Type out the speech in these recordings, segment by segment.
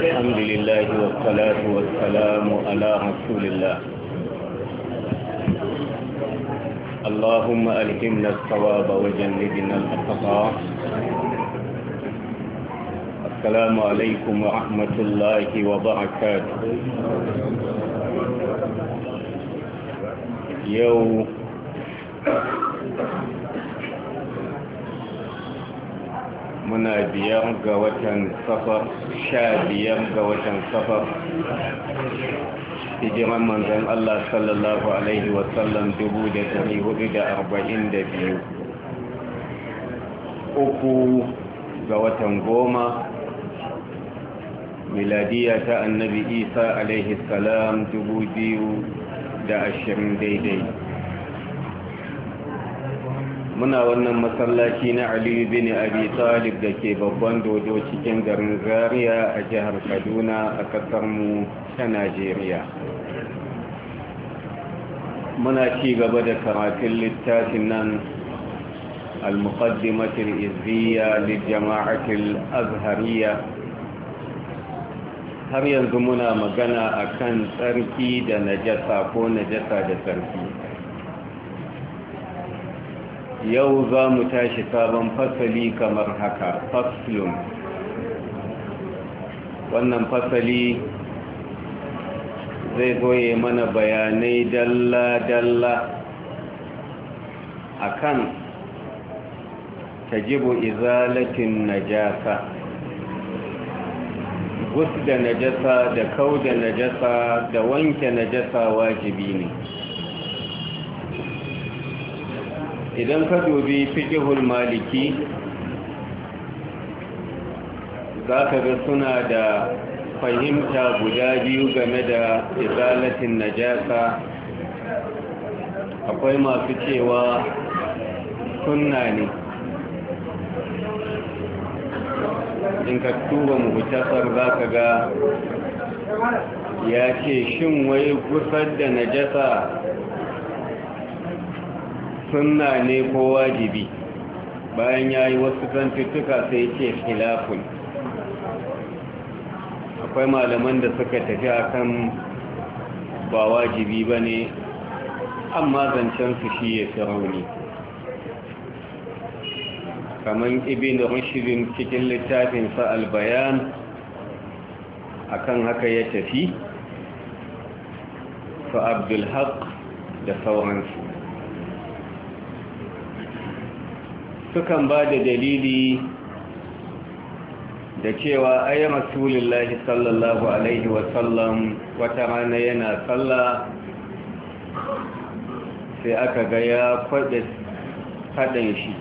الحمد لله والصلاة والسلام على رسول الله اللهم ألهمنا الصواب وجنبنا الأخطاء السلام عليكم ورحمة الله وبركاته يوم muna biyar ga watan safar sha biyar ga watan safar hijiran manzan Allah sallallahu Alaihi wasallam dubu da dari hudu da arba'in da biyu uku ga watan goma miladiya ta annabi isa alaihi salam dubu biyu da ashirin daidai muna wannan masallaci na aliyu bin abi talib da ke babban dodo cikin garin zaria a jihar kaduna a kasarmu ta najeriya muna ci gaba da karatun littafin nan المقدمة الإذية للجماعة Azhariya. har yanzu muna magana akan tsarki da najasa ko najasa da tsarki yau za mu tashi sabon fasali kamar haka faslun wannan fasali zai goye mana bayanai dalla-dalla a kan tajibu izalatin najasa gusu da najasa da kau da najasa da wanke najasa wajibi ne idan ka dubi fiƙihul maliki za ka ga suna da fahimta guda biyu game da izalatin najasa akwai masu cewa sunna ne in ka tuba hutasar za ka ga ya ce shin wai gusar da najasa sunna ne ko wajibi bayan ya yi wasu zantuttuka sai ce khilafun akwai malaman da suka tafi akan ba wajibi ba ne amma zancensu shi ya fi rauni kamar ibn rushirin cikin littafinsa albayan kan haka ya tafi su abdulhaq da sauransu sukan ba da dalili da cewa ayi rasulullahi sallallahu alaihi wasallam wata rana yana sallah sai aka ga ya kwaɗe haɗin shi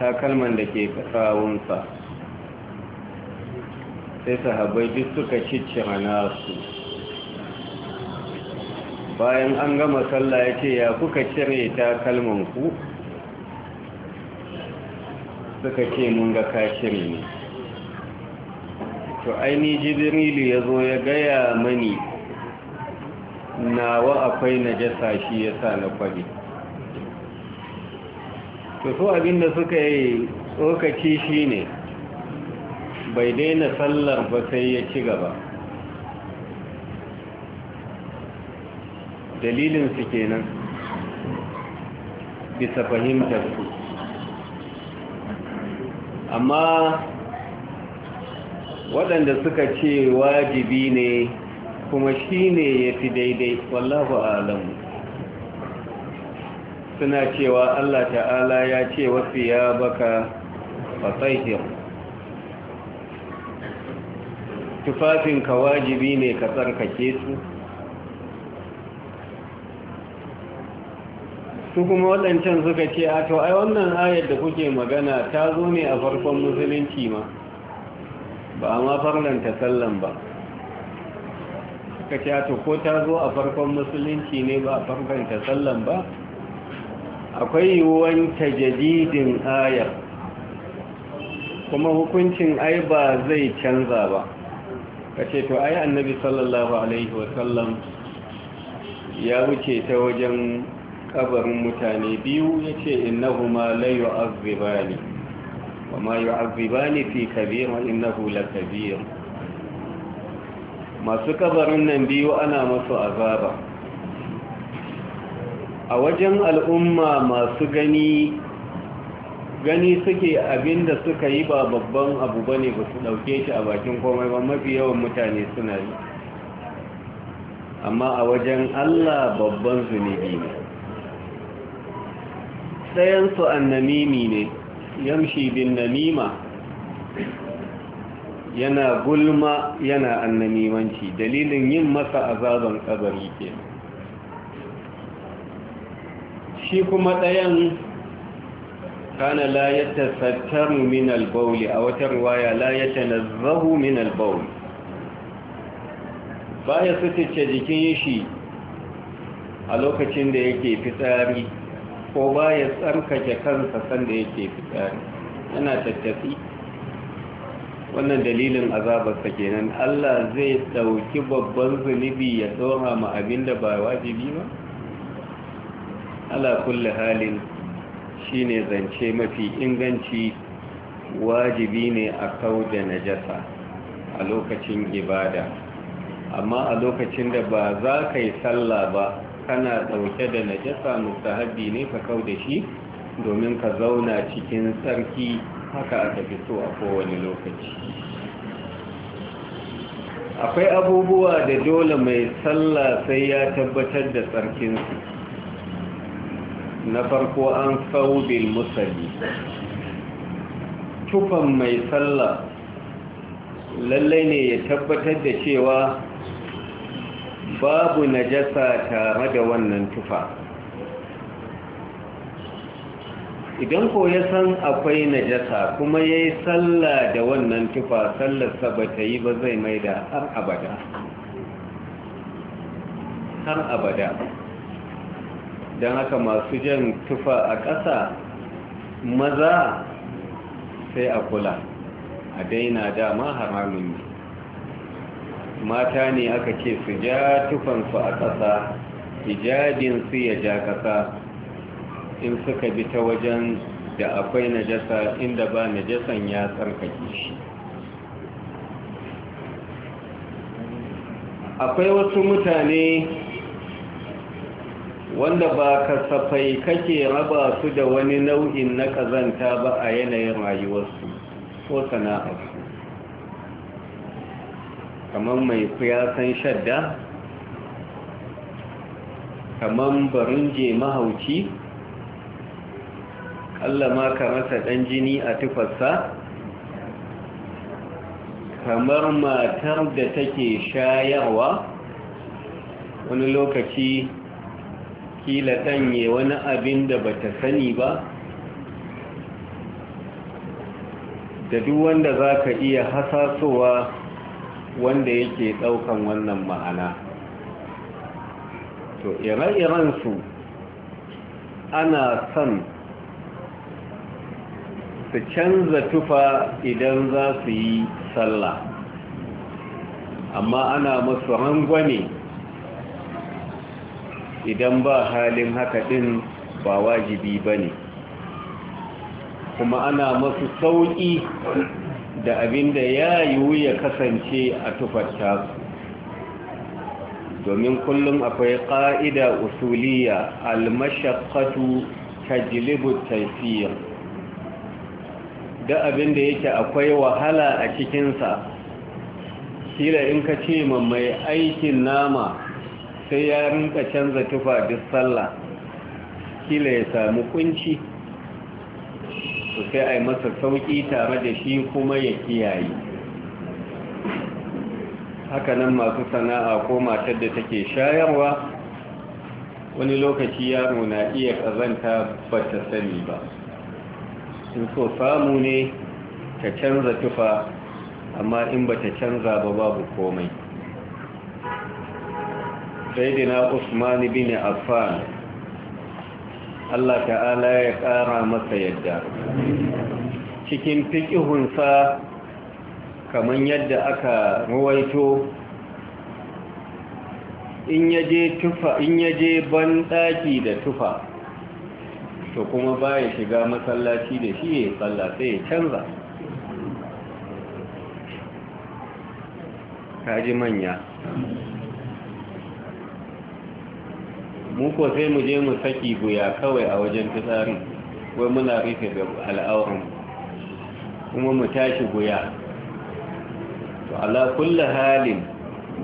takalman da ke kasawunsa sai sahabbai duk suka rana su bayan an gama sallah ya ce ya kuka cire takalman ku suka ce mun ga kashiri ne to aini jibrilu ya zo ya gaya mani nawa akwai najasa shi ya sa na kwabi to so abinda suka yi tsokaci shi ne bai daina sallar ba sai ya ci gaba dalilinsu kenan bisa fahimtar su amma waɗanda suka ce wajibi ne kuma shi ne ya fi daidai wallahu alamu suna cewa Allah ta'ala ya ce wasu ya baka Tufafin tufafinka wajibi ne ka tsarkake su su kuma waɗancan suka ce a to ai wannan ayar da kuke magana ta zo ne a farkon musulunci ma ba a ma ta sallan ba suka ce a to ko ta zo a farkon musulunci ne ba a ta sallan ba akwai yiwuwan jadidin ayar kuma hukuncin ai ba zai canza ba ka ce to ai annabi sallallahu alaihi wasallam ya wuce ta wajen kabarin mutane biyu ya ce innahuma la yu'azzibani wa ma yu'azzibani fi kabir wa innahu kabir masu kabarin nan biyu ana masu azaba a wajen al'umma masu gani gani suke abinda suka yi ba babban abu bane ba su dauke shi a bakin komai ba mafi yawan mutane suna yi amma a wajen Allah babban zunubi ne ɗayansu annamimi ne yamshi bin namima yana gulma yana annamimanci dalilin yin masa azaban ƙabari ke shi kuma ɗayan kana layata ya min albauli a wata waya, layata na zahu min albauli baya sutuce jikin shi a lokacin da yake fitsari ko ba ya tsarkake kansa sanda yake fitsari yana tattafi wannan dalilin azabarsa kenan Allah zai dauki babban zunubi ya tsoha ma abinda ba wajibi ba ala kulli halin shine zance mafi inganci wajibi ne a kauda najasa a lokacin ibada amma a lokacin da ba za ka yi sallah ba kana dauke da najasa mustahabi ne ka kau da shi domin ka zauna cikin sarki haka aka fi so a kowane lokaci akwai abubuwa da dole mai sallah sai ya tabbatar da tsarkinsu na farko an saubin musali. tufan mai sallah lallai ne ya tabbatar da cewa babu najasa tare da wannan tufa idan ko ya san akwai najasa kuma ya yi sallah da wannan tufa sallarsa ba ta yi ba zai mai da har abada har abada don haka masu jan tufa a ƙasa maza sai a kula a daina dama haramun ne mata ne aka ce su ja tufansu a ƙasa su ya ja ƙasa in suka bi ta wajen da akwai najasa inda ba najasan ya tsarkake shi akwai wasu mutane wanda ba kasafai kake raba su da wani nau'in na ƙazanta ba a yanayin rayuwarsu ko sana'arsu kamar mai kuyasan shadda kamar barinje mahauci ka kamata ɗan jini a tufarsa kamar matar da take shayarwa wani lokaci kila ɗanye wani abin da bata sani ba da duk wanda za ka iya hasasowa wanda yake ɗaukan wannan ma'ana to ire-iren su ana son su canza tufa idan za su yi sallah amma ana masu rangwane idan ba halin haka din ba wajibi ba ne kuma ana masu sauƙi da abinda da ya yiwu ya kasance a tufarta domin kullum akwai ƙa'ida usuliya almashakatu tajlibu taifiyar da abinda yake akwai wahala a cikinsa kila in ka ce ma mai aikin nama sai ya rinka canza tufa duk sallah kila ya samu kunci to sai a yi masa sauƙi tare da shi kuma ya kiyaye hakanan masu sana'a ko matar da take shayarwa wani lokaci yaro na iya ƙazanta ba ta sani ba sun so samu ne ta canza tufa amma in ba ta canza ba babu komai saidina usman bin affan Allah ta'ala ya ƙara masa yadda cikin fiƙihunsa kamar yadda aka ruwaito in yaje tufa in da tufa to kuma baya shiga masallaci da shi ya tsalla sai ya canza kaji manya mu ko sai mu je mu saki guya kawai a wajen fitsarin wai muna rufe da al'auran kuma mu tashi guya to ala kulli halin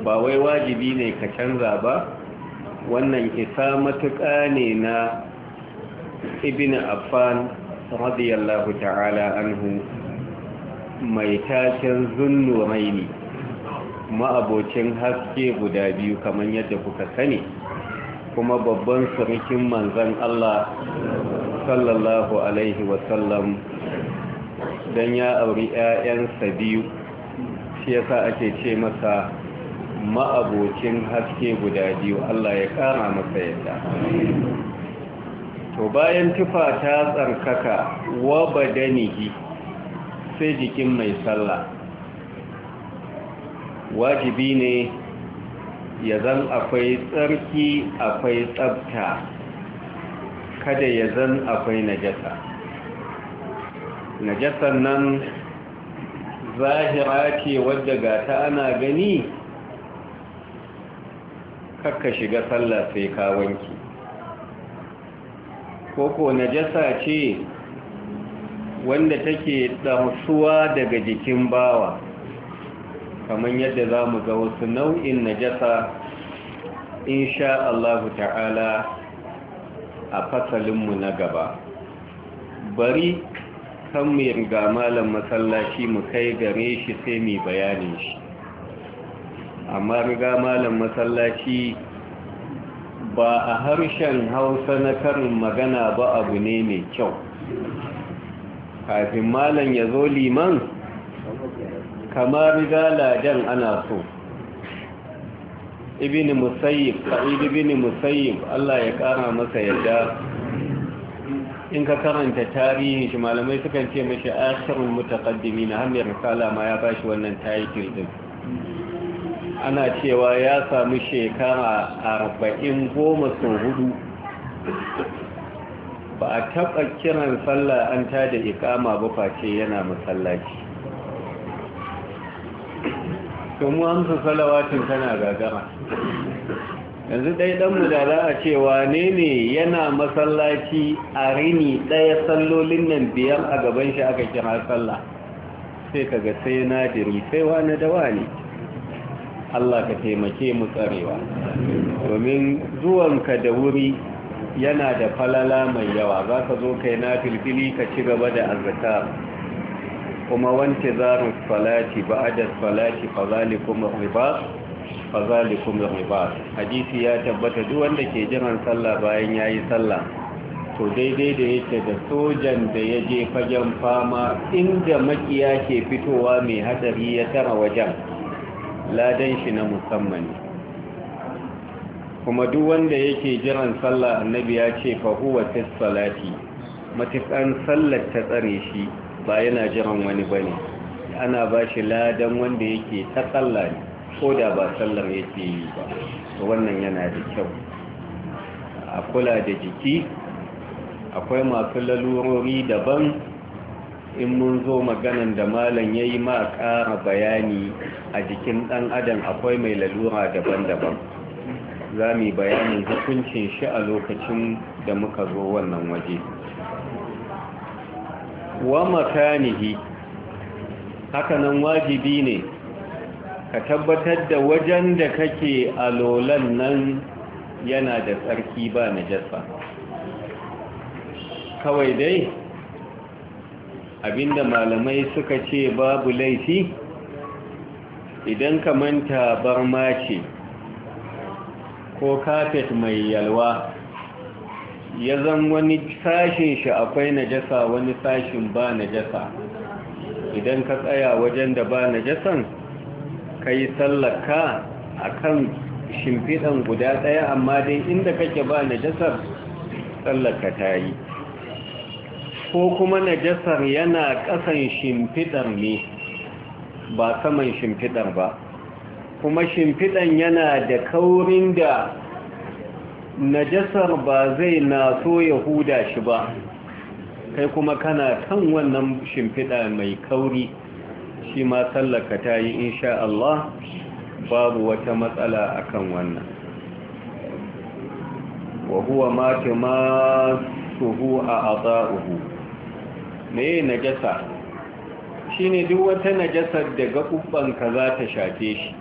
ba wai wajibi ne ka canza ba wannan isa matuƙa ne na ibn affan radiyallahu ta'ala anhu mai taken zunnuraini ma'abocin haske guda biyu kamar yadda kuka sani kuma babban sarkin manzan Allah sallallahu alaihi wasallam don ya auri 'ya'yansa biyu shi yasa ake ce masa ma'abocin haske guda biyu Allah ya ƙara masa yadda to bayan tufa ta tsarkaka wa hi, sai jikin mai sallah wajibi ne ya zan akwai tsarki akwai tsabta kada ya zan akwai najasa najasan nan zahira ce wadda gata ana gani kakka shiga sallah sai ka wanki koko najasa ce wanda take ɗarsuwa daga jikin bawa kamar yadda za mu ga wasu nau'in najasa insha Allah ta'ala a fasalinmu na gaba bari kan mu yarga malam masallaci mu kai gare shi sai mu bayanin shi amma riga malam masallaci ba a harshen hausa na karin magana ba abu ne mai kyau kafin malam ya zo liman kamar galadan ana so ibini musayyib sa'id ibini musayyib Allah ya kara masa yadda in ka karanta tarihi shi malamai sukan ce mashi akhirul mutaqaddimin hamiyar risala ma ya bashi wannan title din ana cewa ya samu shekara arba'in goma sau hudu ba a taɓa kiran sallah an da ikama ba face yana masallaci kamu mu amsa salawatin tana gagara yanzu dai ɗanmu da za a ce wane ne yana masallaci a rini ɗaya sallolin nan biyar a gaban shi aka kira sallah sai kaga sai nadiri sai wane dawa ne Allah ka taimake mu tsarewa domin zuwanka da wuri yana da falala mai yawa za ka zo kai na filfili ka ci gaba da azzakar kuma wanke zarun salati ba'adar salati fazalikum ribas fazalikum ribas hadisi ya tabbata duk wanda ke jiran sallah bayan yayi sallah to daidai da yake da sojan da ya je fagen fama inda makiya ke fitowa mai hadari ya tara wajen ladan shi na musamman kuma duk wanda yake jiran sallah annabi ya ce fa huwa salati matukan sallar ta tsare shi ba yana jiran wani ba ne. ana ba shi ladan wanda yake ta tsalla ne ko da ba tsallar yake yi ba wannan yana da kyau a kula da jiki akwai masu lalurori daban in mun zo maganan da malam ya yi ma ƙara bayani a jikin ɗan adam akwai mai lalura daban-daban za mu yi bayanin hukuncin shi a lokacin da muka zo wannan waje. wa makanihi hakanan wajibi ne ka tabbatar da wajen da kake lolan nan yana da tsarki ba na jasa kawai dai abinda malamai suka ce babu laifi idan ka manta bar ce ko kafet mai yalwa ya zan wani sashin shi akwai najasa wani sashin ba najasa idan ka tsaya wajen da ba najasan ka yi sallaka a kan shimfiɗan guda ɗaya amma dai inda kake ba najasar sallaka ta yi ko kuma najasar yana ƙasan shimfiɗar ne ba saman shimfiɗar ba kuma shimfiɗan yana da kaurin da najasar ba zai na so ya huda shi ba kai kuma kana kan wannan shimfiɗa mai kauri shi ma tsallaka ta yi insha Allah babu wata matsala akan wannan wa huwa ma suhu a aza'uhu me najasa ne duk wata najasar da gaɓuɓɓanka za ta shafe shi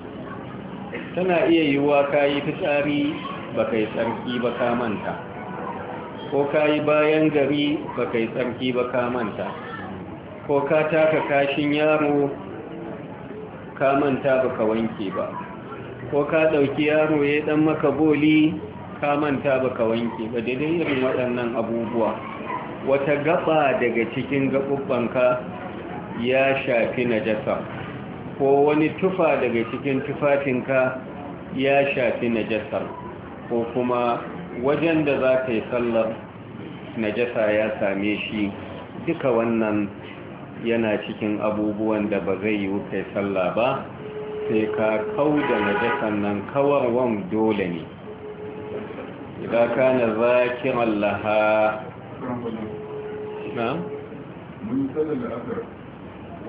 tana iya yiwuwa kayi fitsari ba kai tsarki ba ka manta ko ka yi bayan gari ba kai tsarki ba ka manta ko ka taka kashin yaro ka manta ba ka wanke ba ko ka ɗauki yaro ya ɗan maka boli ka manta ba ka wanke ba daidai irin waɗannan abubuwa wata gaba daga cikin gaɓuɓɓanka ya shafi najasa ko wani tufa daga cikin tufafinka ya shafi najasar ko kuma wajen da za ka yi sallar najasa ya same shi duka wannan yana cikin abubuwan da ba zai yi kai salla ba sai ka kau da najasan nan kawar wan dole ne idan ka na zakiran laha na? mun tsada da aka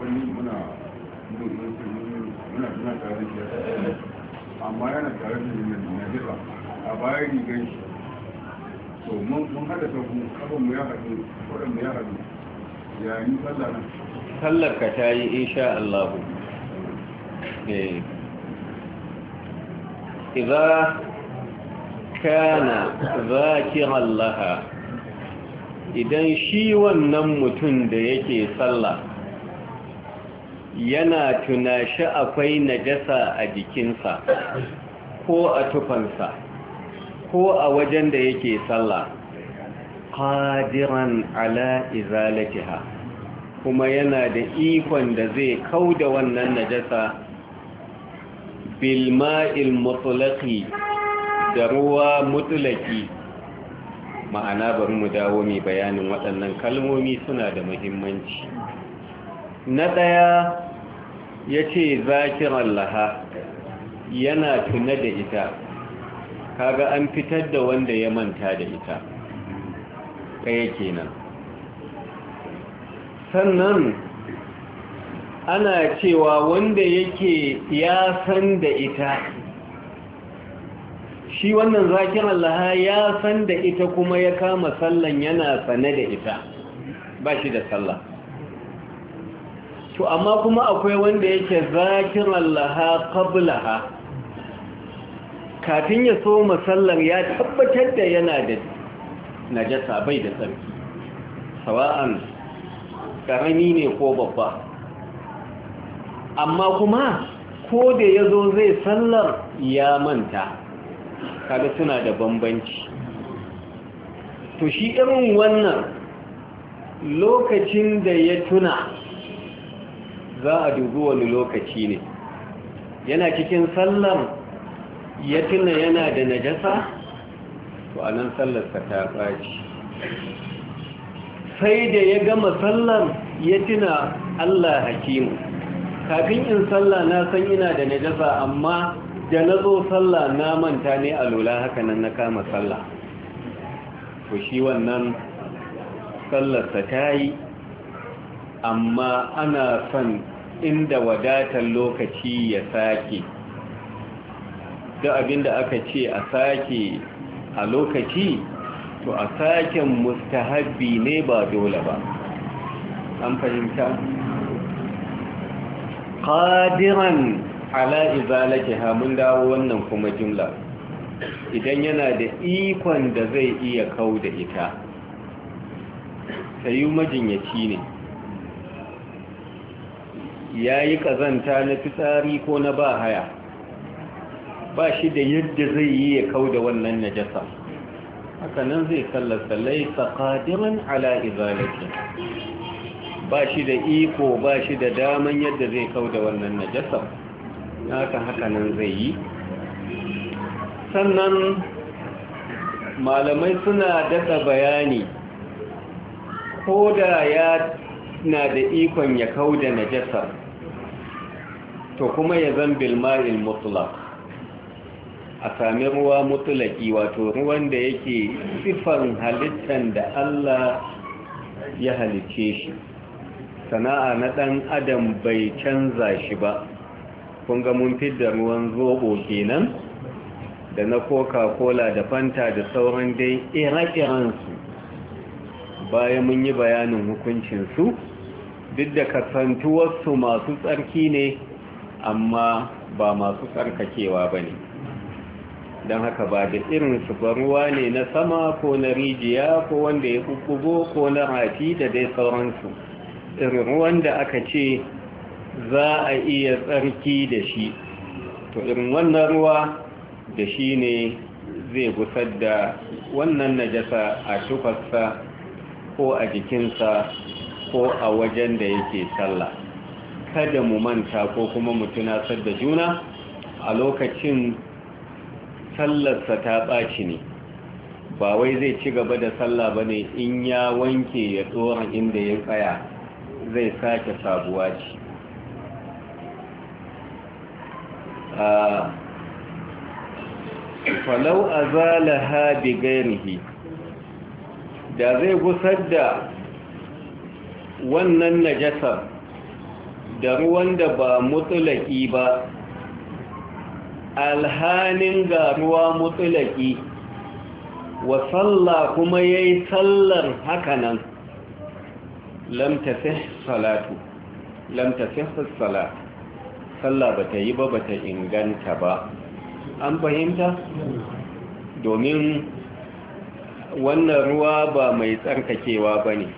wani muna muna tsada da amma yana tsada da najasa a bayan rigar shi to mun hada ta sabu kafin mu ya haɗu wadda mu ya haɗu yayin sallah nan sallar ka ta yi insha Allah eh idza kana zakiran laha idan shi wannan mutum da yake sallah yana tunashi akwai najasa a jikinsa ko a tufansa ko a wajen da yake sallah qadiran ala izalatiha kuma yana da ikon da zai kauda wannan najasa bil ma'il mutlaqi da ruwa mutlaqi ma'ana bari mu dawo mai bayanin waɗannan kalmomi suna da muhimmanci na ɗaya ya ce zakiran laha yana tuna da ita kaga an fitar da wanda ya manta da ita ɗaya kenan sannan ana cewa wanda yake ya san da ita shi wannan zakin Allah ya san da ita kuma ya kama sallan yana sane da ita ba shi da sallah to amma kuma akwai wanda yake zakin Allah qablaha kafin ya so sallar ya tabbatar da yana da najasa bai da tsarki sawa'an karami ne ko babba amma kuma ko da ya zo zai sallar ya manta kada suna da bambanci to shi irin wannan lokacin da ya tuna za a dubi wani lokaci ne yana cikin sallar ya tuna yana da najasa to a nan sallarsa ta ɓaci sai da ya gama sallar ya tuna Allah hakimu kafin in sallah na san ina da najasa amma da na zo sallah na manta ne a lula haka nan na kama sallah ku shi wannan sallarsa ta yi amma ana son inda wadatar lokaci ya sake duk abinda aka ce a sake a lokaci to a saken mustahabbi ne ba dole ba an fahimta Kadiran ala izalake mun dawo wannan kuma jumla idan yana da ikon da zai iya kau da ita sayu majinyaci ne ya yi ƙazanta na fitsari ko na ba haya ba shi da yadda zai yi ya kau da wannan najasa haka nan zai sallarsa laisa qadiran ala izalati ba shi da iko ba shi da daman yadda zai kau da wannan najasa haka haka nan zai yi sannan malamai suna dasa bayani ko da ya na da ikon ya kau da najasa to kuma ya zan bilma'il mutlaq a sami ruwa mutulaki wato ruwan da yake siffar halittar da Allah ya halicce shi sana'a na ɗan adam bai canza shi ba kun ga mun fidda ruwan zobo kenan da na coca-cola da fanta da sauran dai ire su bayan mun yi bayanin hukuncinsu duk da kasantuwarsu masu tsarki ne amma ba masu tsarkakewa ba ne don haka ba da irin su ruwa ne na sama ko na rijiya ko wanda ya kukubo ko na rafi da dai sauransu irin ruwan da aka ce za a iya tsarki da shi to irin wannan ruwa da shi ne zai gusar da wannan najasa a tufarsa ko a jikinsa ko a wajen da yake sallah kada mu manta ko kuma mu tunasar da juna a lokacin sallarsa ta ɓaci ne ba wai zai ci gaba da sallah ba ne in ya wanke ya tsoron inda ya tsaya zai sake sabuwa ce falau a zalaha bi gairihi da zai gusar da wannan najasar da ruwan da ba mutulaki ba alhanin ga ruwa wa salla kuma ya yi sallar hakanan lamtafih salatu lamtafih salatu ba ta yi ba ba ta inganta ba an fahimta domin wannan ruwa ba mai tsarkakewa ba ne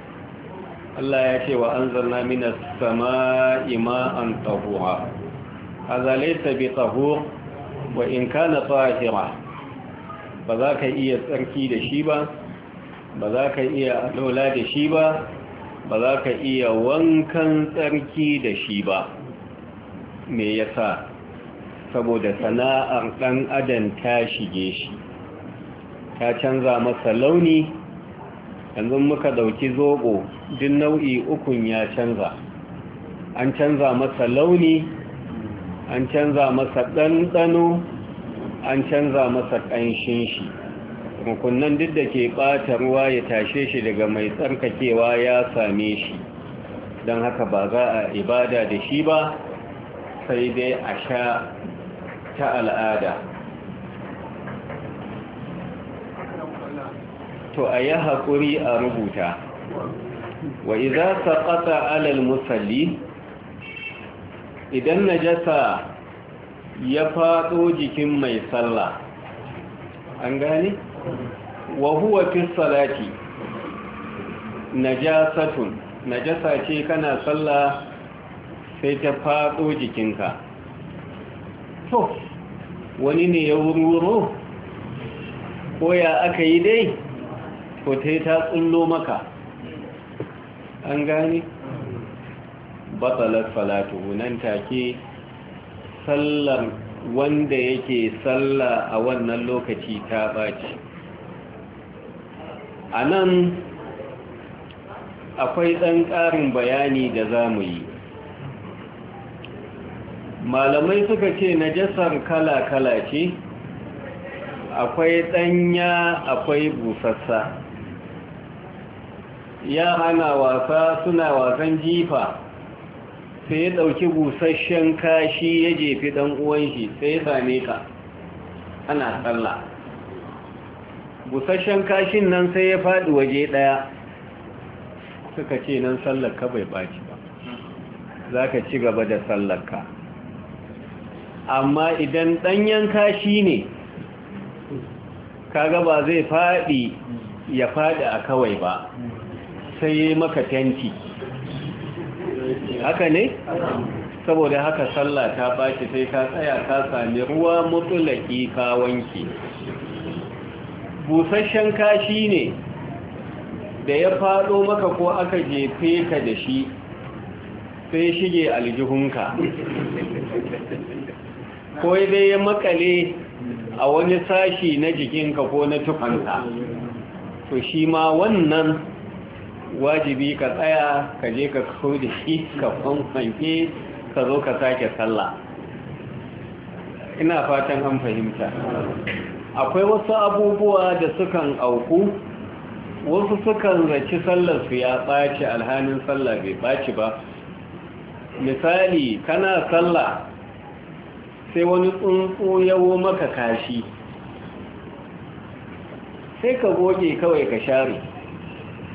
Allah ya ce wa an zarna mina sama ima'an tahuwa a zalaita bi tahuwa wa in kana tsahira ba za ka iya tsarki da shi ba ba za ka iya alola da shi ba ba za ka iya wankan tsarki da shi ba me yasa saboda sana'ar ɗan adam ta shige shi ta canza masa launi yanzu muka dauki zobo duk nau'i ukun ya canza an canza masa launi an canza masa ɗanɗano an canza masa ƙanshin shi rukunan duk da ke ɓata ruwa ya tashe shi daga mai tsarkakewa ya same shi don haka ba za a ibada da shi ba sai dai a sha ta al'ada to a yi haƙuri a rubuta wa iza saƙaƙa alal musalli idan najasa ya faɗo jikin mai sallah an gane wa huwa fi salati najasatun najasa ce kana sallah sai ta faɗo jikinka to wani ne ya wuro? ko ya aka yi dai ko ta yi ta tsullo maka an gane batalar salatuhu nan take sallar wanda yake salla a wannan lokaci ta baci a nan akwai ɗan ƙarin bayani da za mu yi malamai suka ce najasar kala-kala ce akwai ɗanya akwai busassa Ya hana wasa suna wasan jifa sai ya dauki busasshen kashi ya jefi dan uwan shi sai ya same ka ana tsalla busasshen kashin nan sai ya fadi waje daya suka ce nan sallar ka bai baci ba za ka ci gaba da sallarka amma idan danyen kashi ne kaga ba zai fadi ya fadi a kawai ba sai ya maka tenti haka ne saboda haka sallah ta baki sai ka tsaya ka sami ruwa mutulaki ka wanki busasshen kashi ne da ya faɗo maka ko aka jefe ka da shi sai shige aljihunka ko dai ya makale a wani sashi na jikinka ko na tufanka to shi ma wannan wajibi ka tsaya ka je ka kawo da shi ka fanfanke ka zo ka sake sallah ina fatan an fahimta akwai wasu abubuwa da sukan auku wasu sukan zaci su ya ɓaci alhanin sallah bai ɓaci ba misali kana sallah sai wani tsuntsu yawo maka kashi sai ka goge kawai ka share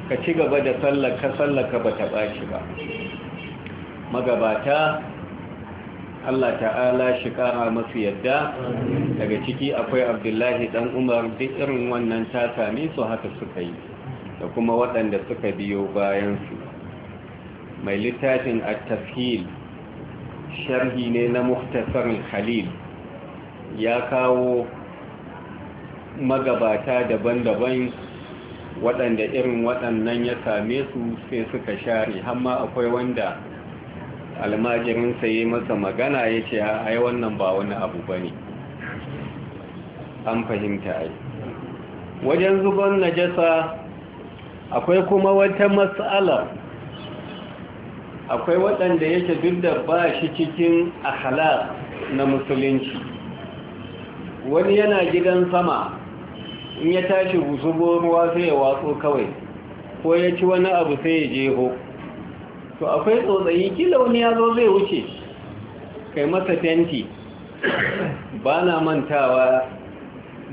ka ci gaba da tsallaka tsallaka ba ta ɓaci ba magabata Allah ta'ala shi ƙara masu yadda daga ciki akwai abdullahi ɗan umar duk irin wannan ta same su haka suka yi da kuma waɗanda suka biyo bayansu mai littafin a tafhil sharhi ne na muhtasar khalil ya kawo magabata daban-daban waɗanda irin waɗannan ya same su sai suka share hamma akwai wanda almajirinsa ya masa magana ya ce ai wannan ba wani abu ba ne an fahimta ai wajen zuban najasa akwai kuma wata matsala akwai waɗanda yake duk da ba shi cikin akhlaq na musulunci wani yana gidan sama in ya tashi zubo ruwa sai ya watso kawai ko ya ci wani abu sai ya ho to akwai tsotsayi kila wani ya zo zai wuce kai masa fenti ba na mantawa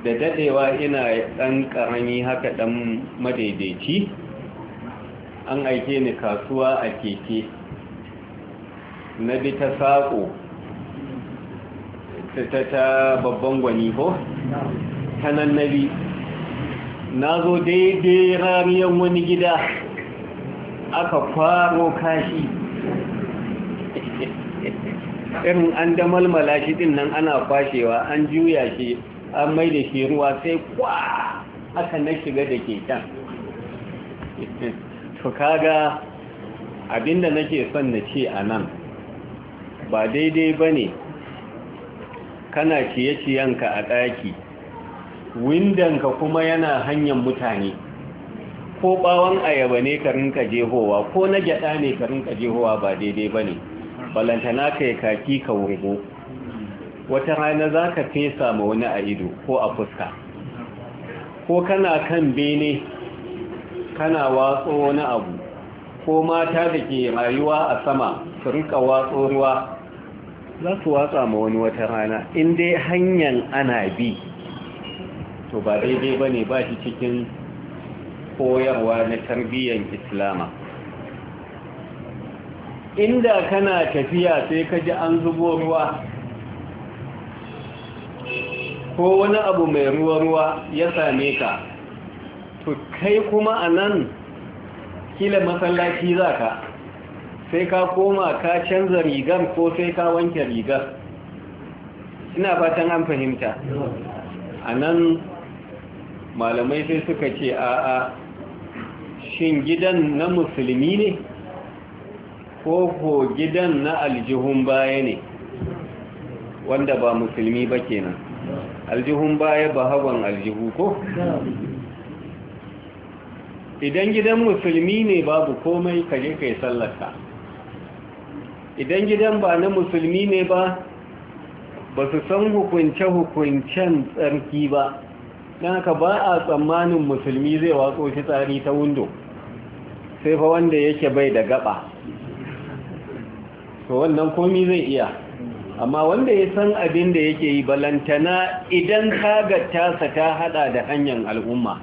da dadewa ina dan karami haka dan madaidaici an aike ni kasuwa a keke na bi ta saƙo ta babban gwani ko ta nan na bi na zo daidai ramiyan wani gida aka faro kashi irin an damalmala shi din nan ana kwashewa, an juya shi an mai da shi ruwa sai kwa aka na shiga da ke can to kaga abinda nake son na ce a nan ba daidai ba ne kana ciye-ciyenka a ɗaki ka kuma yana hanyar mutane ko bawon ayaba ne ka rinka jehowa ko na gyada ne ka rinka jehowa ba daidai ba ne balantana ka yi kaki ka wurgo wata rana za ka fesa ma wani a ido ko a fuska ko kana kan bene kana watso wani abu ko mata da ke rayuwa a sama su rinka watso ruwa za su watsa ma wani wata rana in dai hanyar ana bi to ba daidai ba ne ba shi cikin koyarwa na tarbiyyar islama inda kana tafiya sai ka ji an zubo ruwa ko wani abu mai ruwa-ruwa ya same ka to kai kuma a nan kila masallaci za ka sai ka koma ka canza rigar ko sai ka wanke rigar ina fatan an fahimta a nan malamai sai suka ce a'a shin gidan na musulmi ne ko ko gidan na aljihun baya ne wanda ba musulmi ba kenan aljihun baya ba hawan aljihu ko idan gidan musulmi ne babu komai kaje kai sallaka idan gidan ba na musulmi ne ba ba su san hukunce-hukuncen tsarki ba don haka ba a tsammanin musulmi zai watso fitsari ta wundo, sai fa wanda yake bai da gaba to wannan komi zai iya amma wanda ya san abin da yake yi balantana idan kagatasa ta hada da hanyar al'umma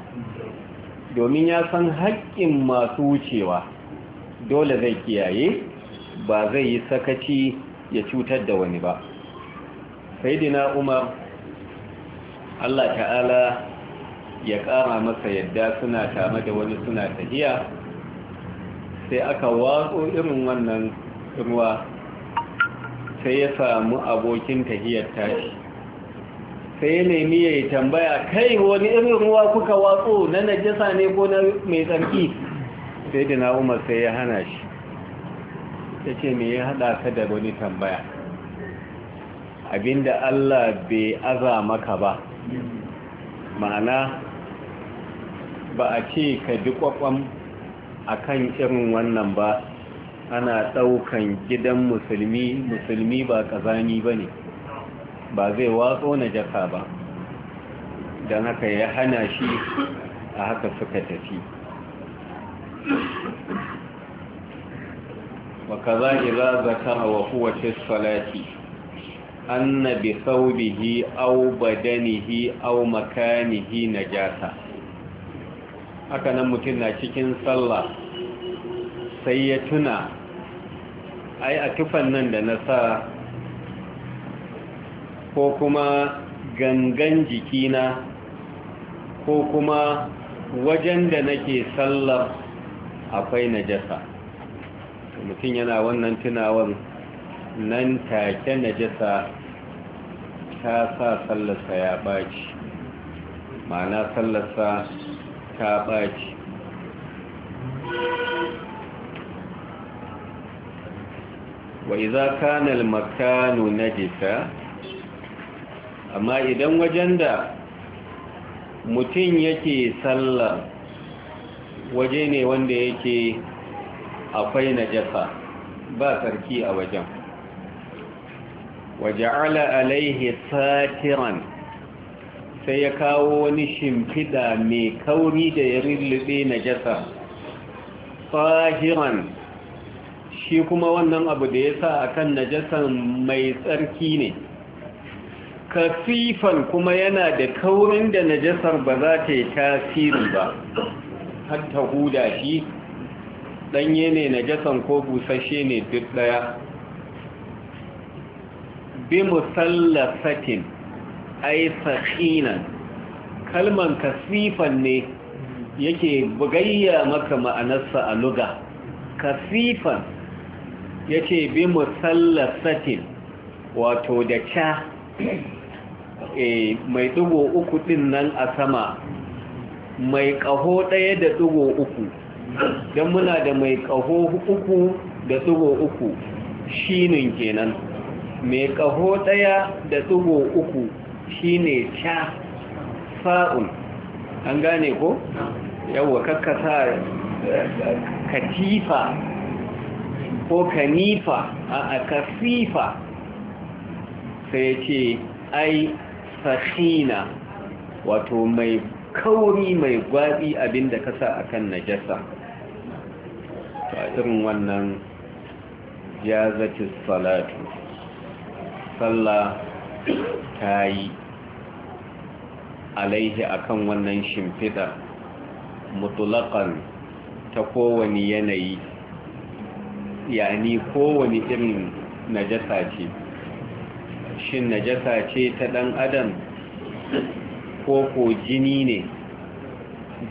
domin ya san haƙƙin masu wucewa dole zai kiyaye ba zai yi sakaci ya cutar da wani ba sai umar Allah ta'ala ya ƙara masa yadda suna tare da wani suna tahiya sai aka waƙo irin wannan ruwa sai ya samu abokin tahiyar tashi sai ya nemi ya yi tambaya kai wani irin ruwa kuka watso na najasa ne ko na mai tsarki sai da na sai ya hana shi ta ce mai ya haɗa ka da wani tambaya abinda Allah bai aza maka ba ma'ana ba a ce ka ji kwakwam a kan irin wannan ba ana ɗaukan gidan musulmi musulmi ba ƙazani ba ne ba zai watso na jaka ba don haka ya hana shi a haka suka tafi wa kaza iza zakara wa huwa fi salati anna bi thawbihi aw badanihi au makanihi najasa haka nan mutum na cikin sallah sai ya tuna ai a tufan nan da na sa ko kuma gangan jikina ko kuma wajen da nake sallar akwai najasa mutum yana wannan tunawan nan take na najasa ta sa sallarsa ya baci ma'ana sallarsa ta baci wa iza kana al-makanu najisa amma idan wajen da mutum yake sallah waje ne wanda yake akwai najasa ba tsarki a wajen waja'ala alaihi satiran sai ya kawo wani shimfiɗa mai kauri da ya rillibe na jasa fahiran shi kuma wannan abu da ya sa akan najasan mai tsarki ne kasifan kuma yana da kaurin da najasar ba za ta yi tasiri ba ta huda shi ɗanye ne najasan ko busashe ne duk ɗaya bi musallafatin ay saqinan kalman kasifan ne yake bugayya maka ma'anarsa a luga kasifan yace bi musallafatin wato da cha mai dugo uku din nan a sama mai kaho ɗaya da dugo uku don muna da mai kaho uku da dugo uku shinin kenan mai kaho ɗaya da ɗigo uku shine ta fa'un an gane ko yawa kakkasa eh, katifa ko kanifa a kasifa sai ce ai fahina wato mai kauri mai gwabi abinda ka sa akan najasa a irin wannan ya zaki salatu sallah ta yi alaihi akan wannan shimfiɗa mutulakan ta kowane yanayi yani kowane irin najasa ce shin najasa ce ta ɗan adam ko ko jini ne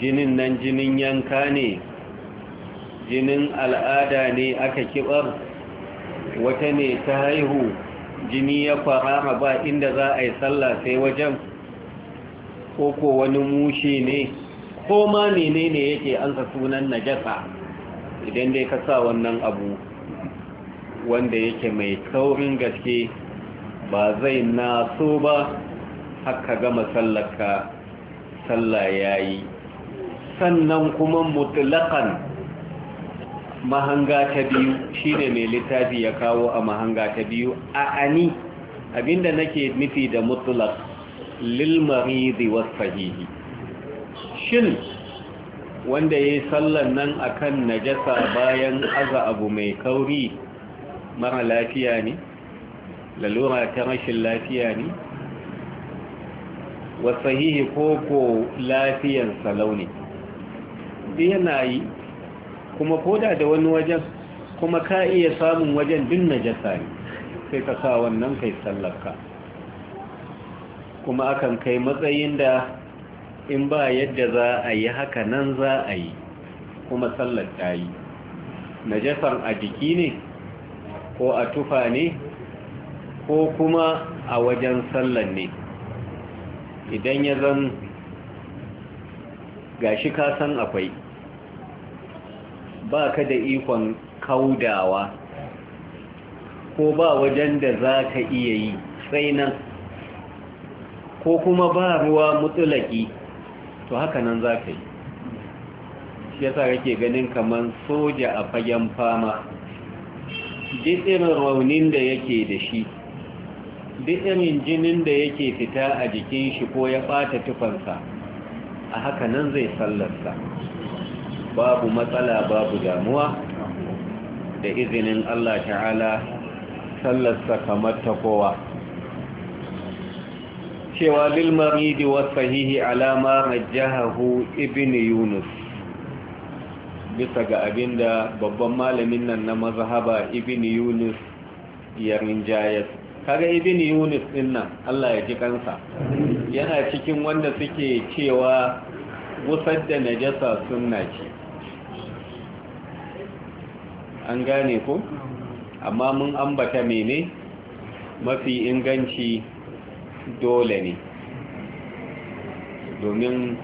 jinin nan jinin yanka ne jinin al'ada ne aka kibar wata ne ta haihu jini ya kwarara ba inda za a yi sallah sai wajen Koko wani mushe ne ko ma menene yake an ka sunan najasa idan dai ka sa wannan abu wanda yake mai saurin gaske ba zai naso ba haka gama sallaka sallah yi. sannan kuma mutlaƙan mahanga ta biyu shi ne mai littafi ya kawo a mahanga ta biyu a ani abinda nake nufi da mutlaq lilmari da sahihi shin wanda yi sallan nan a kan najasa bayan aza abu mai kauri mara lafiya ne lalura ta rashin lafiya ne wasahihi ko ko lafiyan salau ne yana yi kuma koda da wani wajen kuma ka iya samun wajen din najasa ne sai ka sa wannan kai sallarka kuma akan kai matsayin da in ba yadda za a yi haka nan za a yi kuma sallar ta yi najasar a jiki ne ko a tufa ne ko kuma a wajen sallar ne idan ya zan gashi kasan akwai ba ka da ikon kaudawa ko ba wajen da za ka iya yi sai nan ko kuma ba ruwa mutulaki to haka nan za ka yi shi yasa kake ganin kamar soja a fagen fama duk irin raunin da yake da shi duk irin jinin da yake fita a jikin shi ko ya ɓata tufansa a haka nan zai sallarsa babu matsala babu damuwa da izinin Allah ta'ala sallarsa kamar ta kowa cewa lilmaridi sahihi alama rajjahahu ibn yunus bisa ga abinda babban malamin nan na mazhaba ibn yunus ya rinjayar kaga ibn yunus din nan Allah ya ji kansa yana cikin wanda suke cewa gusar da najasa sunna ce an gane ko amma mun ambata mene mafi inganci dole ne domin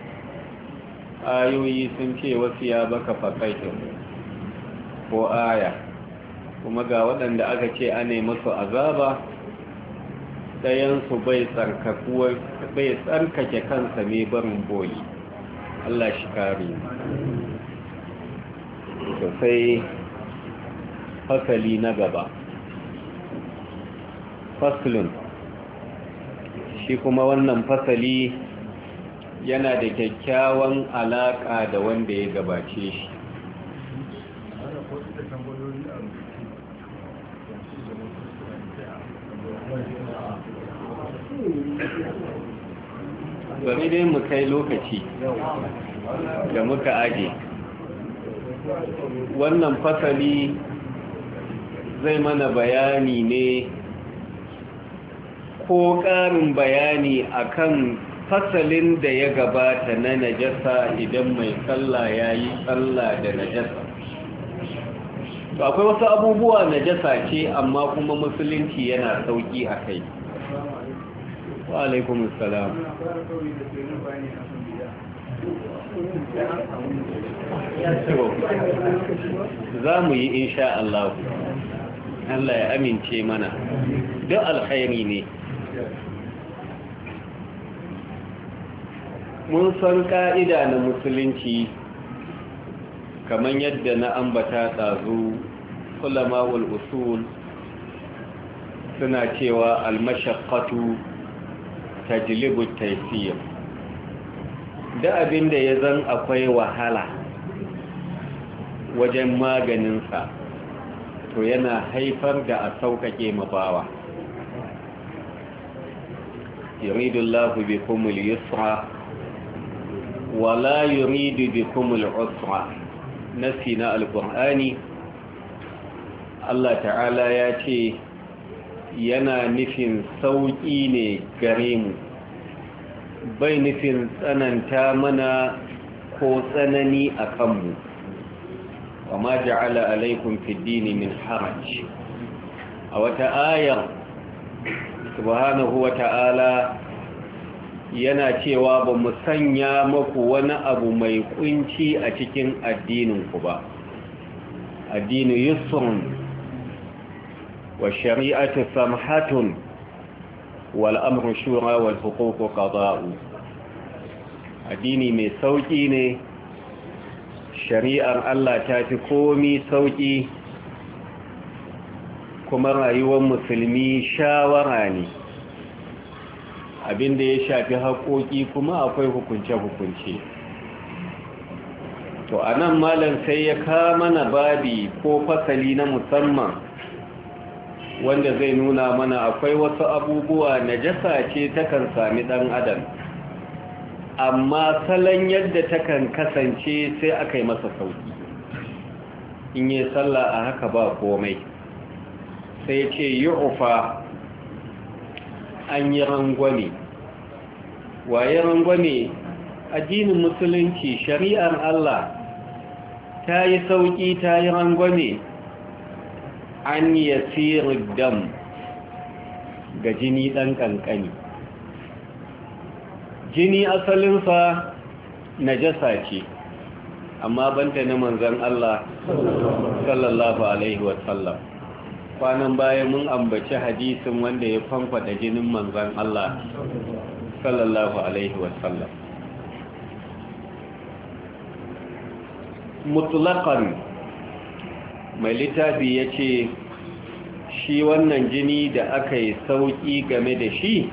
ayoyi sun ce wasu ya baka faƙaitin ko aya kuma ga waɗanda aka ce ana masu azaba ɗayansu bai tsarkake kansa mai barin boli Allah shi kare sosai fasali na gaba faslun shi kuma wannan fasali yana da kyakkyawan alaƙa da wanda ya gabace shi bari dai mu kai lokaci da muka aje wannan fasali zai mana bayani ne ko ƙarin bayani akan fasalin da ya gabata na najasa idan mai tsalla ya yi tsalla da najasa akwai wasu abubuwa najasa ce amma kuma musulunci yana sauƙi a kai wa musulam za mu yi insha Allah Allah ya amince mana duk alkhairi ne mun san ka'ida na musulunci kamar yadda na ambata tsazu ulama'ul usul suna cewa almashaqqatu tajlibu taifiyar. da abinda ya zan akwai wahala wajen maganinsa Ko yana haifar da a sauƙaƙe mabawa yuridullahu bikumul yusra wala yuridu bikumul na alqur'ani Allah ta'ala ya ce yana nufin sauƙi ne gare mu bai nufin tsananta mana ko tsanani a kanmu kama ja'ala alaikum fi dini min haraj a wata ayar subhanahu wa ta'ala yana cewa ba mu sanya maku wani abu mai kunci a cikin addininku ba Addini yusrun wa shari'atu samhatun wal amru shura wal huququ qada'u addini mai sauki ne shari'ar Allah ta fi komi sauƙi kuma rayuwar musulmi shawara ne abinda ya shafi haƙoƙi kuma akwai hukunce-hukunce to a nan malam sai ya kama na babi ko fasali na musamman wanda zai nuna mana akwai wasu abubuwa na jasa ce takan sami ɗan adam amma salon yadda takan kasance sai aka yi masa sauki in yi sallah a haka ba komai sai ce yi ufa an yi rangwame waye rangwame addinin musulunci shari'ar Allah ta yi sauƙi ta yi rangwame an yasirin dam ga jini ɗan ƙanƙani jini asalinsa najasa ce amma banta na manzan Allah sallallahu alaihi wasallam kwanan baya mun ambaci hadisin wanda ya fanfada jinin manzan Allah sallallahu alaihi wasallam mutlaƙan mai littafi ya ce shi wannan jini da aka yi sauƙi game da shi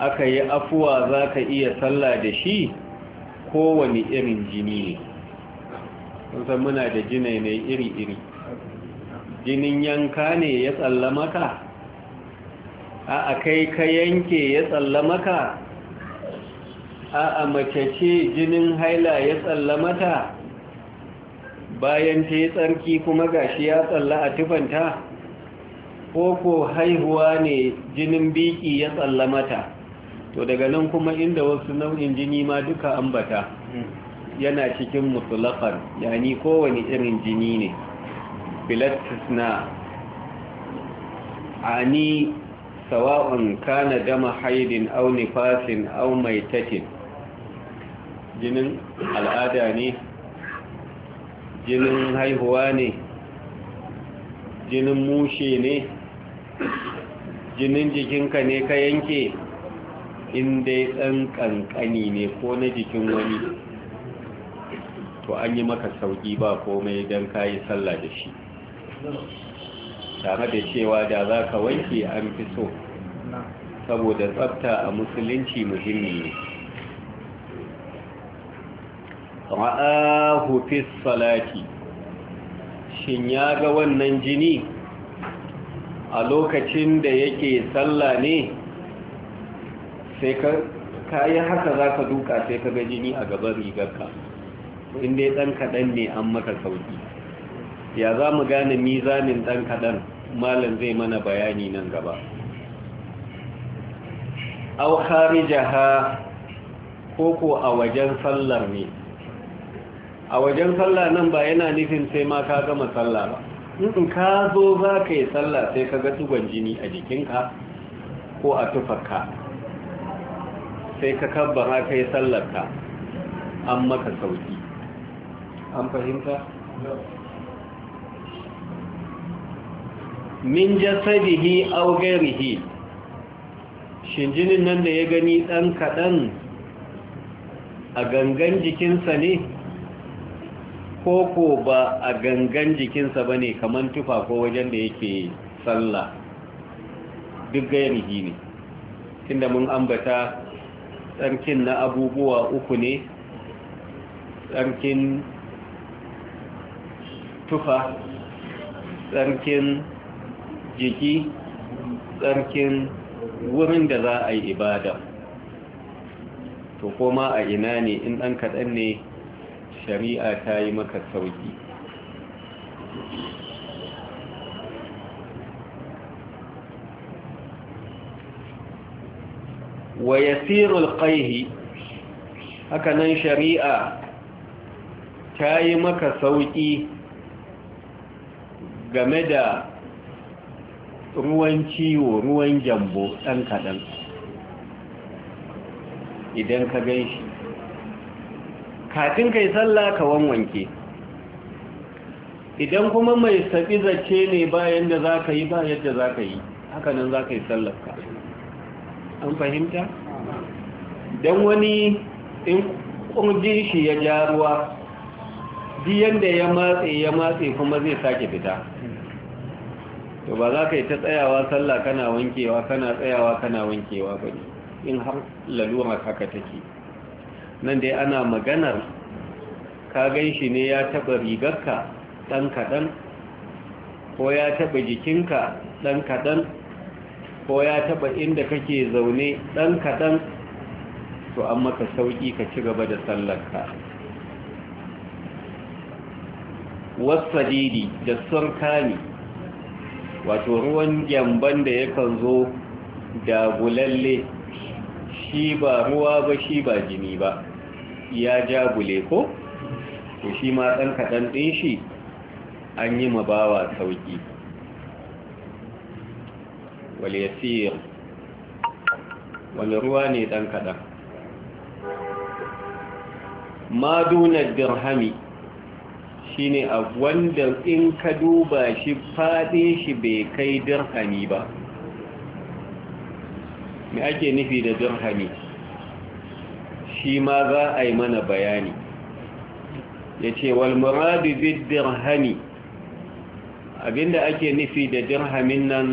aka yi afuwa za ka iya sallah da shi kowane irin jini ne san muna da jinai ne iri-iri jinin yanka ne ya tsalla maka a kai ka yanke ya tsalla maka a mace ce jinin haila ya tsalla mata bayan ta yi tsarki kuma gashi ya tsalla a tufanta ko ko haihuwa ne jinin biki ya tsalla mata to daga nan kuma inda wasu nau'in jini ma duka ambata yana cikin musulakar yani kowane irin jini ne filatis na ani sawa'un kana dama haidin au nifasin au mai maitatin jinin al'ada ne jinin haihuwa ne jinin mushe ne jinin jikinka ne ka yanke in dai ɗan ƙanƙani ne ko na jikin wani to an yi maka sauƙi ba komai don ka yi sallah da shi tare da cewa da za ka wanke an fi so saboda tsafta a musulunci muhimmi ne ra'ahu fi salati shin ya ga wannan jini a lokacin da yake sallah ne sai ka kayan haka za ka duka sai ka ga jini a gaban rigarka inda dai ɗan kaɗan ne an maka sauki ya za mu gane mizanin ɗan kaɗan malam zai mana bayani nan gaba au jaha koko a wajen sallar ne a wajen sallar nan ba yana nufin sai ma ka gama sallar. ba in ka zo za ka yi sallah sai ka ga tugon jini a jikinka ko a tufarka sai ka kabbara kai ka an maka sauki an fahimta min jasadihi aw ghairihi shin jinin nan da ya gani dan kaɗan a gangan jikinsa ne ko ko ba a gangan jikinsa bane kaman tufa ko wajen da yake sallah duk gairihi ne tunda mun ambata tsarkin na abubuwa uku ne tsarkin tufa tsarkin jiki tsarkin wurin da za a yi ibada to koma a ina ne in ɗan kaɗan ne shari'a ta yi maka sauki wa yasirul qaihi haka nan shari'a ta yi maka sauƙi game da ruwan ciwo ruwan jambo ɗan kaɗan idan ka gan shi kafin kai sallah ka wanwanke idan kuma mai sabi zace ne bayan da za ka yi bayan da za ka yi hakanan za ka yi sallar ka kun fahimta don wani in ƙungin shi ya ja ruwa biyan da ya matse ya matse kuma zai sake fita to ba za ka yi ta tsayawa sallah kana wankewa kana tsayawa kana wankewa ba ne in har lalura haka take nan dai ana maganar ka gan shi ne ya taɓa rigarka ɗan kaɗan ko ya taɓa jikinka ɗan kaɗan ko ya taba inda kake zaune dan kadan to an maka sauki ka ci gaba da sallarka wasadidi da surkani wato ruwan gyamban da yakan zo da gulalle shi ba ruwa ba shi ba jini ba ya ja gule ko to shi ma dan kadan din shi an yi mabawa sauki waliyasir wani ruwa ne ɗan kaɗan madunar dirhami shi ne a wanda in ka duba shi faɗe shi bai kai dirhami ba mai ake nufi da dirhami shi ma za a yi mana bayani ya ce walmuradu bid dirhami abinda ake nufi da dirhamin nan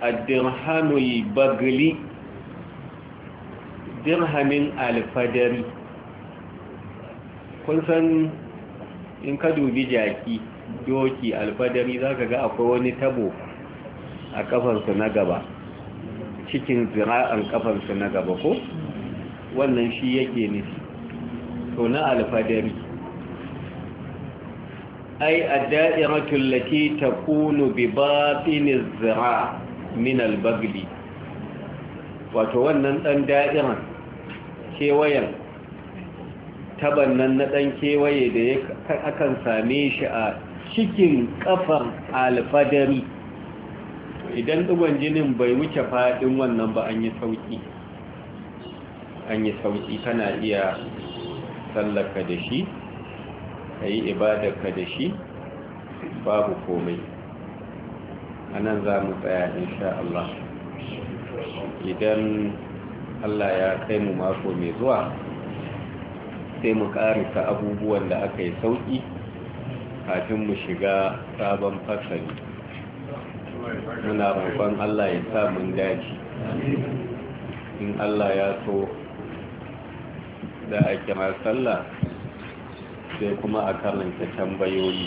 addirhamul bagli dirhamin alfadari kun san in ka dubi jaki doki alfadari za ka ga akwai wani tabo a kafansa na gaba cikin zira'an kafansa na gaba ko wannan shi yake ne to na alfadari ai a da'iratul lati takunu bi batiniz zira Minal albagli wato wannan dan da'iran kewayen taban nan na ɗan kewaye da ya akan same shi a cikin ƙafar alfadari idan dugon jinin bai wuce faɗin wannan ba an yi sauƙi an yi sauki kana iya sallaka da shi ka yi ibadaka da shi babu komai a nan za mu tsaya insha Allah idan Allah ya kai mu mako mai zuwa sai mu karisa abubuwan da aka yi sauki kafin mu shiga sabon fasali muna roƙon Allah ya sa mun daji in Allah ya so da ake sallah sai kuma a karanta tambayoyi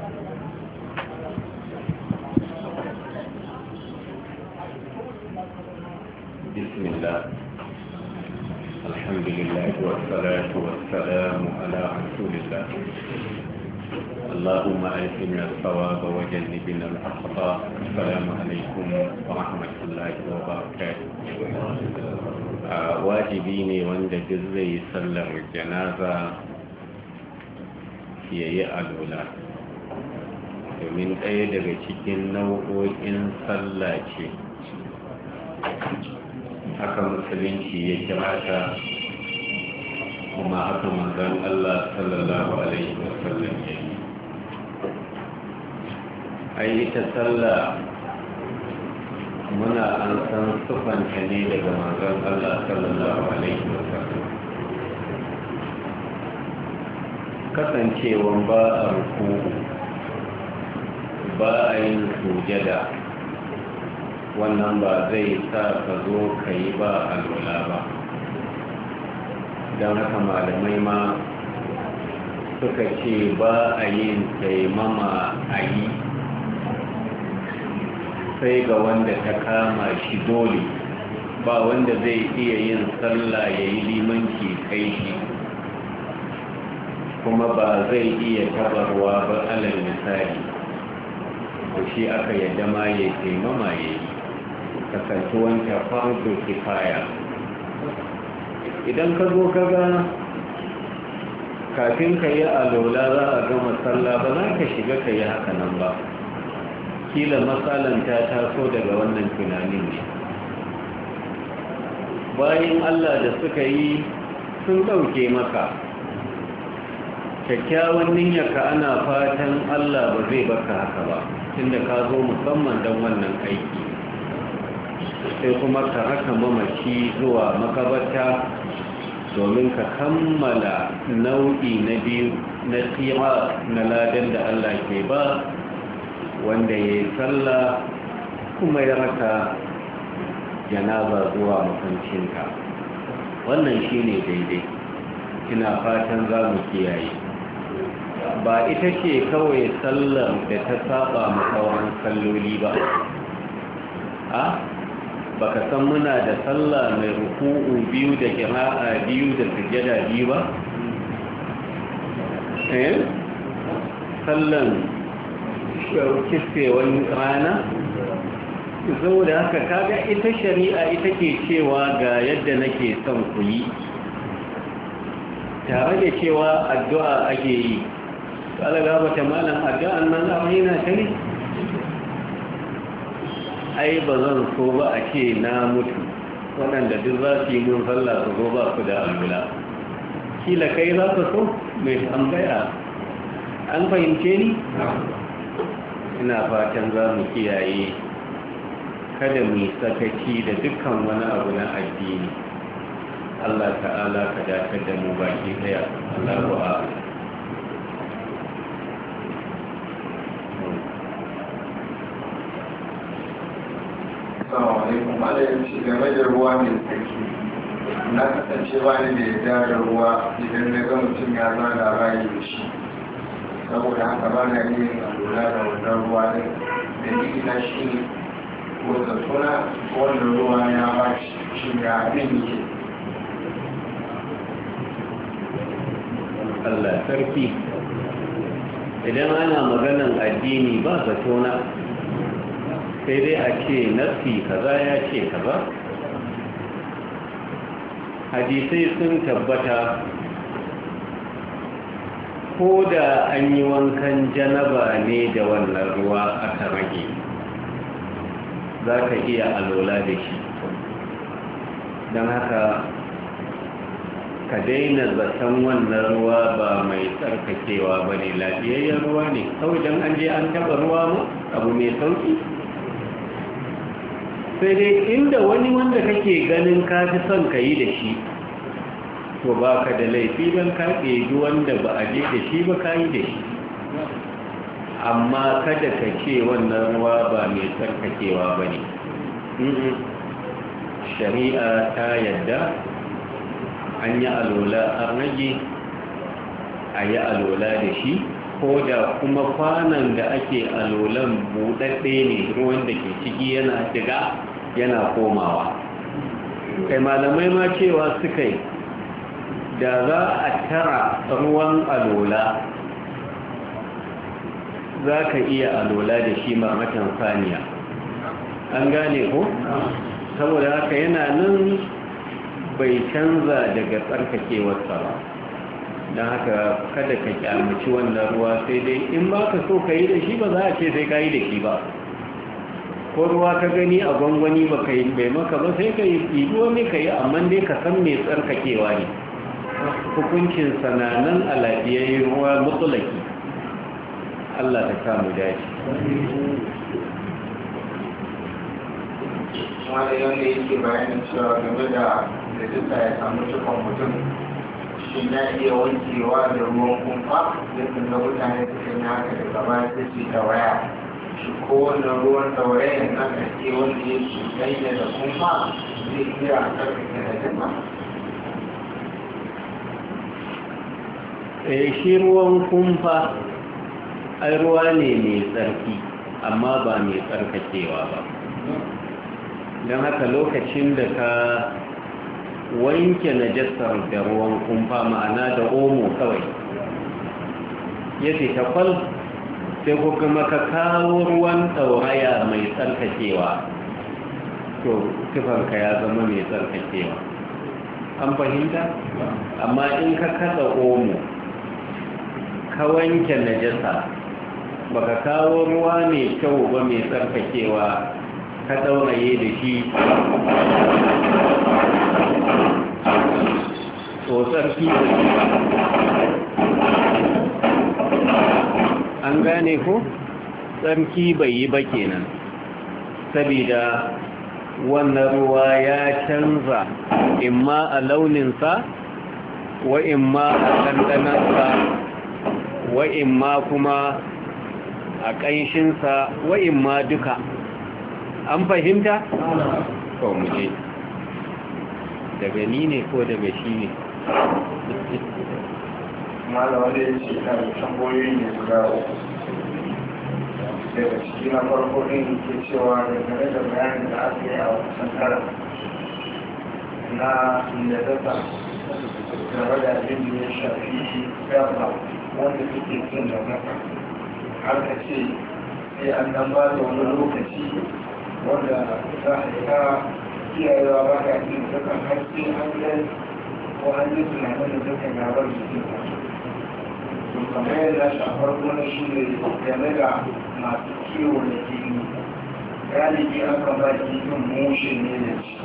بسم الله الحمد لله والصلاة والسلام على رسول الله اللهم ألهمنا الصواب وجنبنا الأخطاء السلام عليكم ورحمة الله وبركاته واجبيني وند جزي سلم الجنازة yayi alula domin ɗaya daga cikin nau'o'in sallah ce haka musulunci ya kira ta kuma haka manzan Allah sallallahu alaihi wasallam ya yi ai ita sallah muna an san sufanta ne daga manzan Allah sallallahu alaihi wasallam kasancewan ba a ruku ba a yin sujada wannan ba zai sa ka zo ka yi ba lula ba don haka malamai ma suka ce ba a yin taimama a yi sai ga wanda ta kama shi dole ba wanda zai iya yin sallah ya yi limanci kai shi kuma ba zai iya tabarwa ba alal misali to shi aka yadda ma ya taimama ya yi kasantuwanta farko kifaya idan ka zo ka ga kafin ka yi alola za a ga matsala ba za ka shiga ka yi haka nan ba kila matsalan ta so daga wannan tunanin ne bayan allah da suka yi sun dauke maka kyakkyawan ka ana fatan allah ba zai baka haka ba tunda ka zo musamman don wannan aiki sai kuma ka raka mamaki zuwa makabarta domin ka kammala nau'i na biyu na tsira na ladan da Allah ke ba wanda ya yi sallah kuma ya raka janaba zuwa makancinka wannan shi ne daidai Kina fatan za mu kiyaye ba ita ce kawai sallar da ta saba makawar salloli ba a ah? baka san muna da sallah mai ruku'u biyu da kira'a biyu da sujjada biyu ba eh sallan kiskewan rana saboda haka kaga ita shari'a ita ke cewa ga yadda nake son ku yi tare da cewa addu'a ake yi ƙalagaba ta malam addu'a nan amina ta ne ai ba zan so ba a ke na mutu waɗanda duk za su yi mun sallah su zo ba su da Shi kila kai za ka so mai tambaya an fahimce ni ina fatan za mu kiyaye kada mu sakaci da dukkan wani abu na addini Allah ta'ala ka dakar da mu baki daya Allahu a'lam alaikum alayhi shi game da ruwa mai tsaki na kasance ba ni da yadda da ruwa idan na ga mutum ya zana bayi da shi saboda haka ba na yin lura da wannan ruwa ne, da dalili na shi ne ko wata tuna wannan ruwa ya ba shi ya abin yake Allah sarki idan ana maganan addini ba zatona sai dai a ce nassi kaza ya ce kaza hadisai sun tabbata ko da an yi wankan janaba ne da wannan ruwa aka rage za ka iya alola da shi don haka ka daina zaton wannan ruwa ba mai tsarkakewa ba ne lafiyayyar ruwa ne kawai don an je an taba ruwa mu abu mai sauki sai dai inda wani wanda kake ganin ka fi son ka yi da shi to ba ka da laifi don ka ɗeji wanda ba a je da shi ba ka yi da shi amma kada ka ce wannan ruwa ba mai tsarkakewa ba ne shari'a ta yadda an yi alola an rage a yi alola da shi ko da kuma kwanan da ake alolan buɗaɗɗe ne ruwan da ke ciki yana shiga yana komawa kai malamai ma cewa suka yi da za a tara ruwan alola za ka iya alola da shi marmatan saniya an gane ko? saboda haka yana nan bai canza daga tsarkakewarsa ba don haka kada ka kyamaci wannan ruwa sai dai in ba ka so ka yi da shi ba za a ce sai ka yi da shi ba ko ruwa ka gani a gwangwani ba ka yi bai maka ba sai ka yi wani ka yi amma dai ka san mai tsarkakewa ne hukuncin sananan a lafiyayyen ruwa matsalaki Allah ta samu daji wani yadda yake bayanin cewa game da da ya samu cikin mutum shi na iya wankewa da ruwan kumfa da kuma mutane suka yi haka da gaba su ci da waya ko wannan ruwan tawayen nan da ke wanda ya ke ganye da kuma zai iya karfafa da jima eh shi ruwan kumfa ai ruwa ne mai tsarki amma ba mai tsarkakewa ba don haka lokacin da ka wanke najasar da ruwan kumfa ma'ana da omo kawai ya fita kwal sai ko kuma ka kawo ruwan tauraya mai tsarkakewa to tufanka ya zama mai tsarkakewa an fahimta amma in ka kada omo ka wanke najasa baka kawo ruwa mai kyau ba mai tsarkakewa ka dauraye da shi to tsarki da shi an gane ko tsarki bai yi ba kenan saboda wannan ruwa ya canza imma a launinsa wa imma a ɗanɗanarsa wa imma kuma a ƙanshinsa wa imma duka an fahimta? kawo muje daga ni ne ko daga shi ne malama da ya ce na tambayoyi ne guda uku daga ciki na farko ɗin ke cewa dangane da bayanin da aka yi a wasan kara na nadasa game da abin da ya shafi shi yamma wanda suke cin da nasa har ka ce sai eh, an nan ba da wani lokaci wanda za a ta kiyayewa ba ka cin zakan har sai an ko hanyar tunanin da zakan gabar jikin kamar yadda shafar wani shi ne game da masu kiwo da jini galibi aka ba jinin mushin ne da shi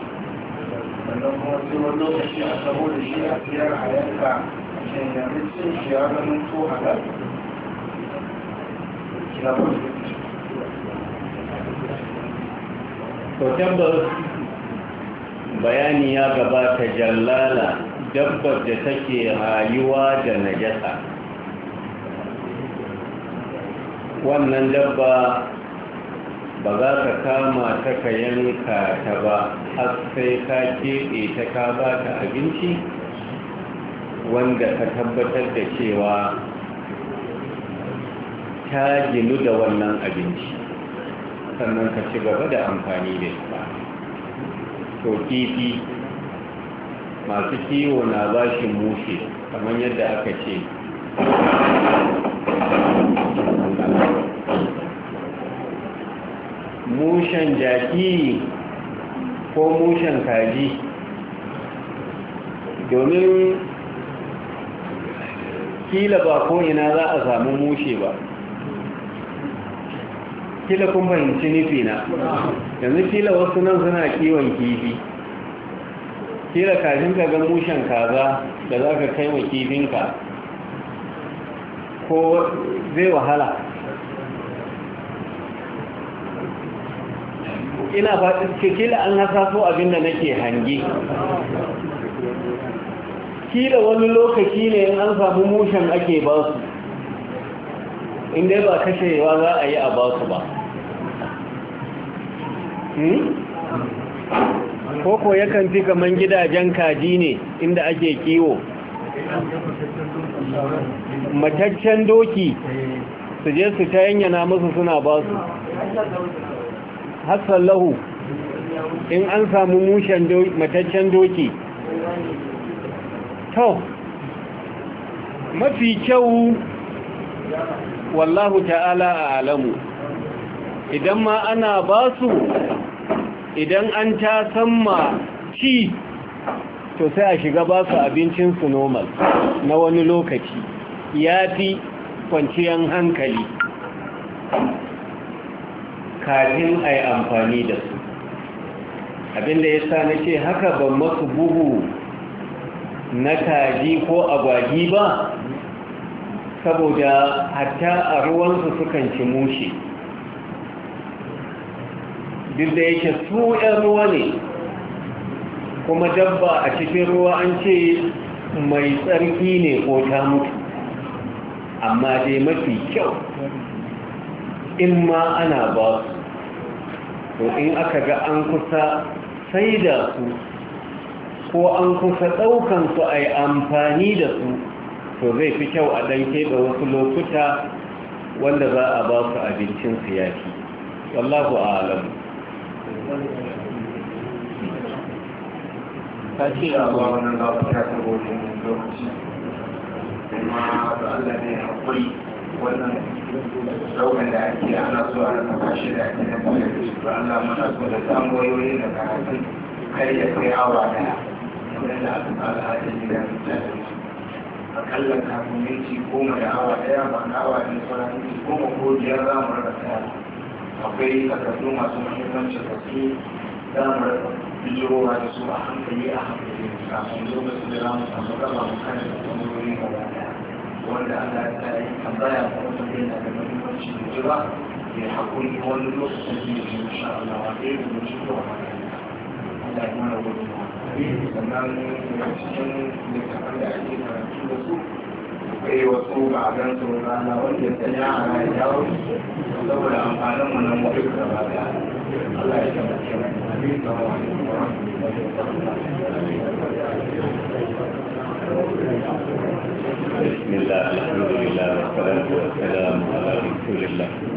sannan kuma sai wani lokaci a saboda shi a siyar a yanka shin yanzu cin shi ya zama to halal to tabbas bayani ya gabata jallala dabbar da take rayuwa da najasa wannan dabba ba za ka kama ta ka yanka ta ba har sai ka keɓe ta ka ba ta abinci wanda ka tabbatar da cewa ta ginu da wannan abinci sannan ka ci gaba da amfani da shi to kifi masu kiwo na shi mushe kamar yadda aka ce mushen jaki ko mushen kaji domin kila ba ko za a samu mushe ba kila kun fahimci nufina yanzu kila wasu nan suna kiwon kifi kila kajin ka ga mushen kaza da za ka kai wa kifinka ko zai wahala ina kila an hasaso abin da nake hange kila wani lokaci ne in an samu mushen ake ba su inda ba kashewa za a yi a ba su ba hmm? koko yakan fi kaman gidajen kaji ne inda ake kiwo mataccen doki su je su ta yanyana musu suna ba su hassan lahu in an samu mushen mataccen doki to mafi kyau wallahu ta'ala a alamu idan ma ana basu idan an ta samma ci to sai a shiga basu abincinsu normal na wani lokaci ya fi kwanciyar hankali kafin a yi amfani da su abinda ya sa na haka ban masu buhu na kaji ko agwagi ba saboda hatta a ruwansu sukan ci mushe duk da yake su 'yan ruwa ne kuma dabba a cikin ruwa an ce mai tsarki ne ko ta mutu amma dai mafi kyau in ma ana ba su to in aka ga an kusa sai su ko an kusa ɗaukan a yi amfani da su to zai fi kyau a ɗan keɓe wasu lokuta wanda za a ba su abincin siyaki wallahu alam ta wannan daukan da ake ana so a rasa shi da ake na koyar da shi Allah muna so da tambayoyi da karatun kai ya kai awa daya kamar da aka fara hajji gidan mutane akalla kafin minti goma da awa daya ba na awa ne sauran minti goma ko biyar za mu rasa kaya akwai takardu masu muhimmanci da su za mu rasa bijirowa da su a hankali a hankali kafin lokacin da za mu samu gaba mu kan da tambayoyi gaba daya wanda Allah ya sa yi tambaya ko kuma yana da muhimmanci da jira ya hakuri wani lokacin da yake insha Allah wa dai mu ci ko Allah ya mana gudu sannan cikin littafin da ake karatu da su akwai wasu ma'adan su rana wanda ta ya ana ya dawo saboda amfanin mu nan mutum da ba da Allah ya tabbata mana amin da wa alaikum wa rahmatullahi wa barakatuh بسم الله الحمد لله والصلاة والسلام على رسول الله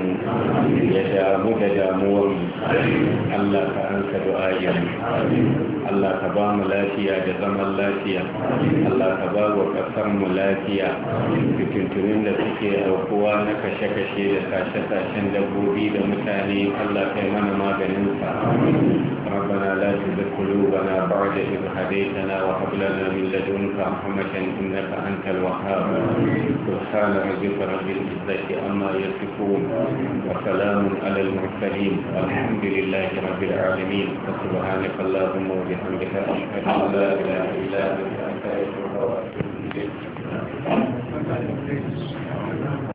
mu ya damu da damuwar mu Allah ka anka du'ayen mu Allah ka ba mu lafiya da zaman lafiya Allah ka ba wa kasar mu lafiya fitintunin da suke aukuwa na kashe-kashe da tashe-tashen dabbobi da mutane Allah kai mana maganin sa ربنا لا تزغ قلوبنا بعد إذ هديتنا وهب لنا من لدنك رحمة إنك أنت الوهاب سبحان ربك رب العزة عما يصفون وسلام على المرسلين والحمد لله رب العالمين وسبحانك اللهم وبحمدك أشهد أن لا إله إلا أنت أستغفرك وأتوب إليك